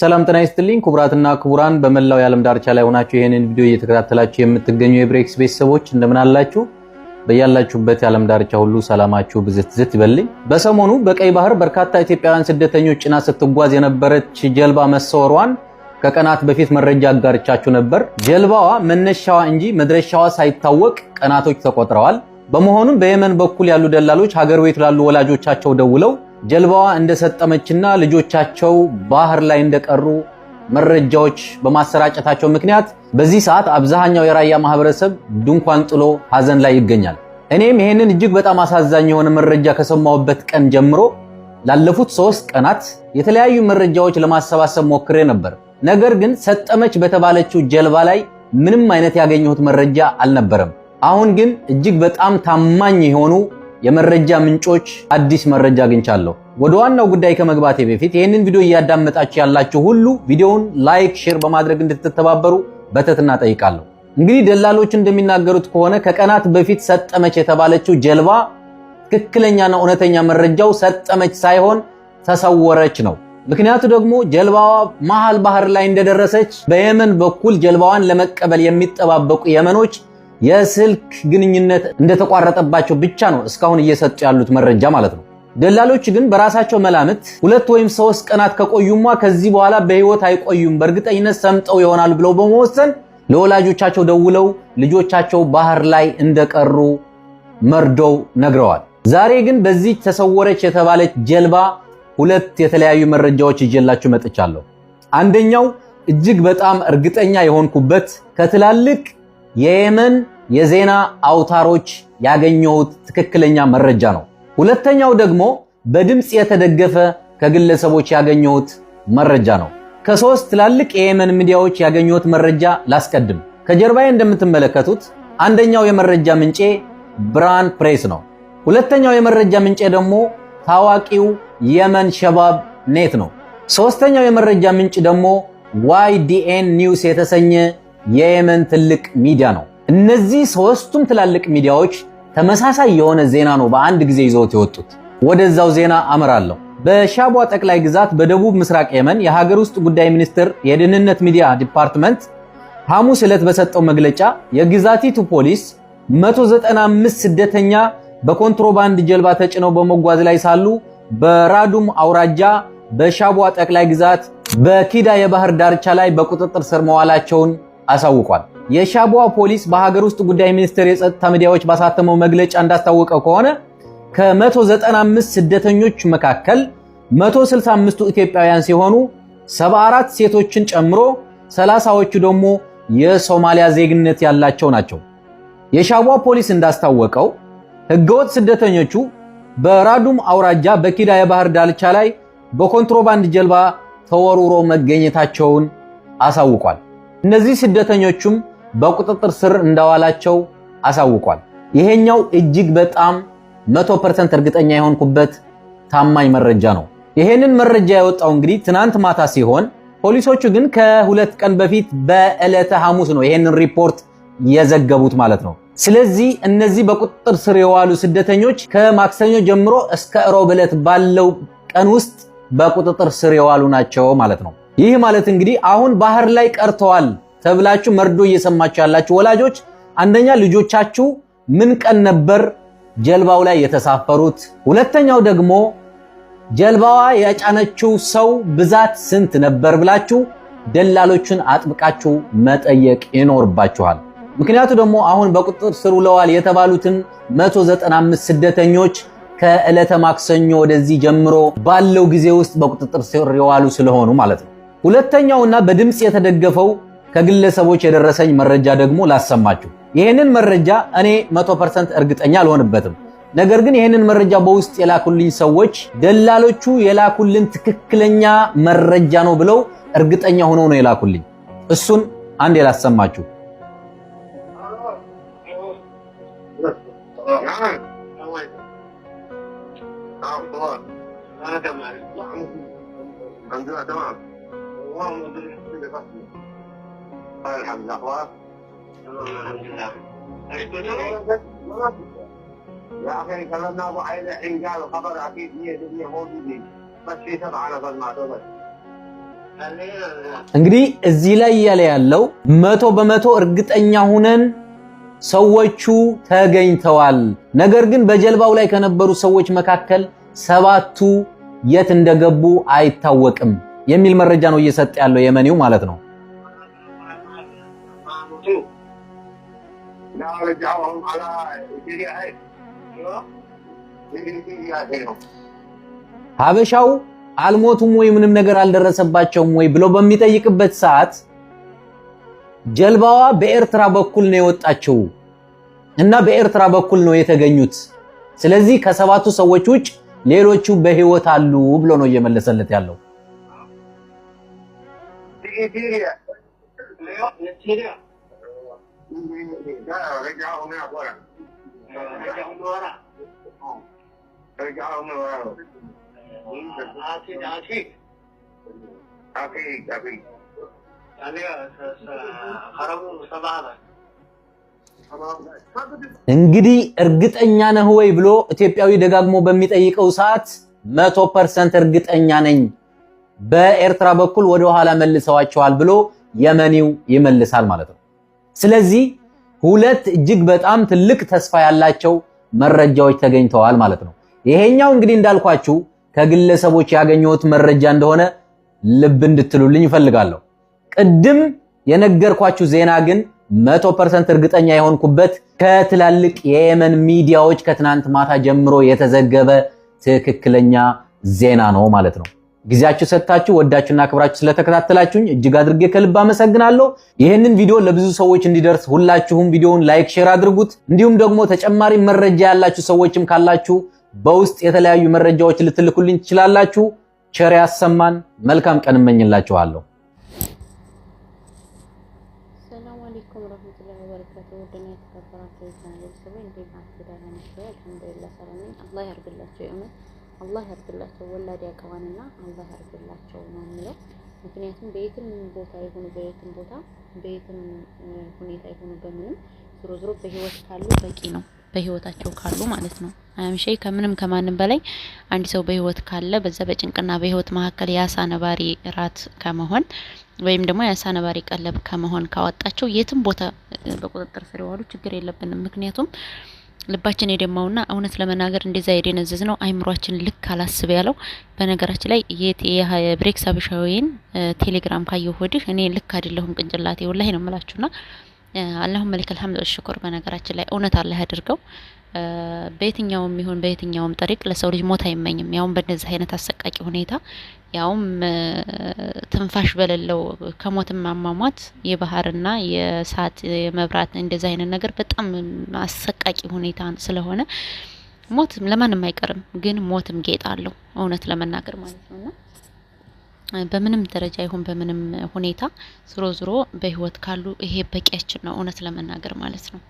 ሰላም ጤና ይስጥልኝ ክቡራትና ክቡራን በመላው የዓለም ዳርቻ ላይ ሆናችሁ ይህንን ቪዲዮ እየተከታተላችሁ የምትገኙ የብሬክስ ቤተሰቦች እንደምን አላችሁ? በያላችሁበት የዓለም ዳርቻ ሁሉ ሰላማችሁ ብዝት ዝት ይበልኝ። በሰሞኑ በቀይ ባህር በርካታ ኢትዮጵያውያን ስደተኞች ጭና ስትጓዝ የነበረች ጀልባ መሰወሯን ከቀናት በፊት መረጃ አጋርቻችሁ ነበር። ጀልባዋ መነሻዋ እንጂ መድረሻዋ ሳይታወቅ ቀናቶች ተቆጥረዋል። በመሆኑም በየመን በኩል ያሉ ደላሎች ሀገር ቤት ላሉ ወላጆቻቸው ደውለው ጀልባዋ እንደሰጠመችና ልጆቻቸው ባህር ላይ እንደቀሩ መረጃዎች በማሰራጨታቸው ምክንያት በዚህ ሰዓት አብዛኛው የራያ ማህበረሰብ ድንኳን ጥሎ ሀዘን ላይ ይገኛል። እኔም ይሄንን እጅግ በጣም አሳዛኝ የሆነ መረጃ ከሰማሁበት ቀን ጀምሮ ላለፉት ሶስት ቀናት የተለያዩ መረጃዎች ለማሰባሰብ ሞክሬ ነበር። ነገር ግን ሰጠመች በተባለችው ጀልባ ላይ ምንም አይነት ያገኘሁት መረጃ አልነበረም። አሁን ግን እጅግ በጣም ታማኝ የሆኑ የመረጃ ምንጮች አዲስ መረጃ አግኝቻለሁ። ወደ ዋናው ጉዳይ ከመግባቴ በፊት ይህንን ቪዲዮ እያዳመጣችሁ ያላችሁ ሁሉ ቪዲዮውን ላይክ፣ ሼር በማድረግ እንድትተባበሩ በትህትና ጠይቃለሁ። እንግዲህ ደላሎች እንደሚናገሩት ከሆነ ከቀናት በፊት ሰጠመች የተባለችው ጀልባ ትክክለኛና እውነተኛ መረጃው ሰጠመች ሳይሆን ተሰወረች ነው። ምክንያቱ ደግሞ ጀልባዋ መሃል ባህር ላይ እንደደረሰች በየመን በኩል ጀልባዋን ለመቀበል የሚጠባበቁ የመኖች የስልክ ግንኙነት እንደተቋረጠባቸው ብቻ ነው እስካሁን እየሰጡ ያሉት መረጃ ማለት ነው። ደላሎች ግን በራሳቸው መላምት ሁለት ወይም ሶስት ቀናት ከቆዩማ ከዚህ በኋላ በህይወት አይቆዩም፣ በእርግጠኝነት ሰምጠው ይሆናል ብለው በመወሰን ለወላጆቻቸው ደውለው ልጆቻቸው ባህር ላይ እንደቀሩ መርዶው ነግረዋል። ዛሬ ግን በዚህ ተሰወረች የተባለች ጀልባ ሁለት የተለያዩ መረጃዎች ይዤላችሁ መጥቻለሁ። አንደኛው እጅግ በጣም እርግጠኛ የሆንኩበት ከትላልቅ የየመን የዜና አውታሮች ያገኘሁት ትክክለኛ መረጃ ነው። ሁለተኛው ደግሞ በድምፅ የተደገፈ ከግለሰቦች ያገኘሁት መረጃ ነው። ከሶስት ትላልቅ የየመን ሚዲያዎች ያገኘሁት መረጃ ላስቀድም። ከጀርባዬ እንደምትመለከቱት አንደኛው የመረጃ ምንጬ ብርሃን ፕሬስ ነው። ሁለተኛው የመረጃ ምንጬ ደግሞ ታዋቂው የመን ሸባብ ኔት ነው። ሶስተኛው የመረጃ ምንጭ ደግሞ ዋይዲኤን ኒውስ የተሰኘ የየመን ትልቅ ሚዲያ ነው። እነዚህ ሶስቱም ትላልቅ ሚዲያዎች ተመሳሳይ የሆነ ዜና ነው በአንድ ጊዜ ይዘውት የወጡት። ወደዛው ዜና አመራለሁ። በሻቧ ጠቅላይ ግዛት በደቡብ ምስራቅ የመን የሀገር ውስጥ ጉዳይ ሚኒስቴር የደህንነት ሚዲያ ዲፓርትመንት ሐሙስ ዕለት በሰጠው መግለጫ የግዛቲቱ ፖሊስ 195 ስደተኛ በኮንትሮባንድ ጀልባ ተጭነው በመጓዝ ላይ ሳሉ በራዱም አውራጃ በሻቧ ጠቅላይ ግዛት በኪዳ የባህር ዳርቻ ላይ በቁጥጥር ስር መዋላቸውን አሳውቋል። የሻቧ ፖሊስ በሀገር ውስጥ ጉዳይ ሚኒስቴር የጸጥታ ሚዲያዎች ባሳተመው መግለጫ እንዳስታወቀው ከሆነ ከ195 ስደተኞች መካከል 165ቱ ኢትዮጵያውያን ሲሆኑ 74 ሴቶችን ጨምሮ 30ዎቹ ደግሞ የሶማሊያ ዜግነት ያላቸው ናቸው። የሻቧ ፖሊስ እንዳስታወቀው ህገወጥ ስደተኞቹ በራዱም አውራጃ በኪዳ የባህር ዳርቻ ላይ በኮንትሮባንድ ጀልባ ተወርውሮ መገኘታቸውን አሳውቋል። እነዚህ ስደተኞቹም በቁጥጥር ስር እንደዋላቸው አሳውቋል። ይሄኛው እጅግ በጣም 100% እርግጠኛ የሆንኩበት ታማኝ መረጃ ነው። ይሄንን መረጃ የወጣው እንግዲህ ትናንት ማታ ሲሆን ፖሊሶቹ ግን ከሁለት ቀን በፊት በዕለተ ሐሙስ ነው ይሄንን ሪፖርት የዘገቡት ማለት ነው። ስለዚህ እነዚህ በቁጥጥር ስር የዋሉ ስደተኞች ከማክሰኞ ጀምሮ እስከ ሮብ ዕለት ባለው ቀን ውስጥ በቁጥጥር ስር የዋሉ ናቸው ማለት ነው። ይህ ማለት እንግዲህ አሁን ባህር ላይ ቀርተዋል ተብላችሁ መርዶ እየሰማችሁ ያላችሁ ወላጆች አንደኛ ልጆቻችሁ ምን ቀን ነበር ጀልባው ላይ የተሳፈሩት? ሁለተኛው ደግሞ ጀልባዋ ያጫነችው ሰው ብዛት ስንት ነበር ብላችሁ ደላሎችን አጥብቃችሁ መጠየቅ ይኖርባችኋል። ምክንያቱ ደግሞ አሁን በቁጥጥር ስር ውለዋል የተባሉትን 195 ስደተኞች ከዕለተ ማክሰኞ ወደዚህ ጀምሮ ባለው ጊዜ ውስጥ በቁጥጥር ስር የዋሉ ስለሆኑ ማለት ነው። ሁለተኛውና በድምፅ የተደገፈው ከግለሰቦች የደረሰኝ መረጃ ደግሞ ላሰማችሁ። ይህንን መረጃ እኔ 100% እርግጠኛ አልሆንበትም። ነገር ግን ይህንን መረጃ በውስጥ የላኩልኝ ሰዎች ደላሎቹ የላኩልን ትክክለኛ መረጃ ነው ብለው እርግጠኛ ሆነው ነው የላኩልኝ። እሱን አንድ የላሰማችሁ يا اخي كلمنا ابو الحين قال الخبر اكيد 100% بس في سبعه نفر እንግዲህ እዚህ ላይ እያለ ያለው መቶ በመቶ እርግጠኛ ሁነን ሰዎቹ ተገኝተዋል። ነገር ግን በጀልባው ላይ ከነበሩ ሰዎች መካከል ሰባቱ የት እንደገቡ አይታወቅም የሚል መረጃ ነው እየሰጠ ያለው የመኒው ማለት ነው። ሀበሻው አልሞቱም ወይ ምንም ነገር አልደረሰባቸውም ወይ ብሎ በሚጠይቅበት ሰዓት ጀልባዋ በኤርትራ በኩል ነው የወጣችው እና በኤርትራ በኩል ነው የተገኙት። ስለዚህ ከሰባቱ ሰዎች ውጭ ሌሎቹ በህይወት አሉ ብሎ ነው እየመለሰለት ያለው። Claro, afuera. un un እንግዲህ እርግጠኛ ነህ ወይ ብሎ ኢትዮጵያዊ ደጋግሞ በሚጠይቀው ሰዓት መቶ ፐርሰንት እርግጠኛ ነኝ በኤርትራ በኩል ወደ ኋላ መልሰዋቸዋል ብሎ የመኒው ይመልሳል ማለት ነው። ስለዚህ ሁለት እጅግ በጣም ትልቅ ተስፋ ያላቸው መረጃዎች ተገኝተዋል ማለት ነው። ይሄኛው እንግዲህ እንዳልኳችሁ ከግለሰቦች ያገኘሁት መረጃ እንደሆነ ልብ እንድትሉልኝ እፈልጋለሁ። ቅድም የነገርኳችሁ ዜና ግን መቶ ፐርሰንት እርግጠኛ የሆንኩበት ከትላልቅ የየመን ሚዲያዎች ከትናንት ማታ ጀምሮ የተዘገበ ትክክለኛ ዜና ነው ማለት ነው። ጊዜያችሁ ሰጥታችሁ ወዳችሁና አክብራችሁ ስለተከታተላችሁኝ እጅግ አድርጌ ከልብ አመሰግናለሁ። ይህንን ቪዲዮ ለብዙ ሰዎች እንዲደርስ ሁላችሁም ቪዲዮውን ላይክ፣ ሼር አድርጉት። እንዲሁም ደግሞ ተጨማሪ መረጃ ያላችሁ ሰዎችም ካላችሁ በውስጥ የተለያዩ መረጃዎች ልትልኩልኝ ትችላላችሁ። ቸር ያሰማን። መልካም ቀን እመኝላችኋለሁ። ሰላም አለይኩም አላህ ያርግላቸው ወላድ ያገባንና አላህ ያርግላቸው ነው የሚለው። ምክንያቱም በየትም ቦታ የሆኑ በየትም ቦታ በየትም ሁኔታ የሆኑ በምንም ዞሮ ዞሮ በህይወት ካሉ በቂ ነው። በህይወታቸው ካሉ ማለት ነው። አምሼ ከምንም ከማንም በላይ አንድ ሰው በህይወት ካለ በዛ በጭንቅና በህይወት መካከል የአሳ ነባሪ ራት ከመሆን ወይም ደግሞ የአሳ ነባሪ ቀለብ ከመሆን ካወጣቸው የትም ቦታ በቁጥጥር ስር የዋሉ ችግር የለብንም ምክንያቱም ልባችን የደማውና እውነት ለመናገር እንደዛ የደነዘዝ ነው አይምሯችን ልክ አላስብ ያለው። በነገራችን ላይ የብሬክስ አብሻዊን ቴሌግራም ካየሁ ወዲህ እኔ ልክ አይደለሁም ቅንጭላቴ ወላሂ ነው የምላችሁና አላሁም መልክ አልሐምዱ ሽኩር። በነገራችን ላይ እውነት አላህ ያድርገው። በየትኛውም ይሁን በየትኛውም ጠሪቅ ለሰው ልጅ ሞት አይመኝም። ያውም በእንደዚህ አይነት አሰቃቂ ሁኔታ ያውም ትንፋሽ በሌለው ከሞትም ማሟሟት የባህርና የእሳት የመብራት እንደዚህ አይነት ነገር በጣም አሰቃቂ ሁኔታ ስለሆነ ሞት ለማንም አይቀርም፣ ግን ሞትም ጌጥ አለው እውነት ለመናገር ማለት ነውና በምንም ደረጃ ይሁን በምንም ሁኔታ ዝሮ ዝሮ በህይወት ካሉ ይሄ በቂያችን ነው እውነት ለመናገር ማለት ነው።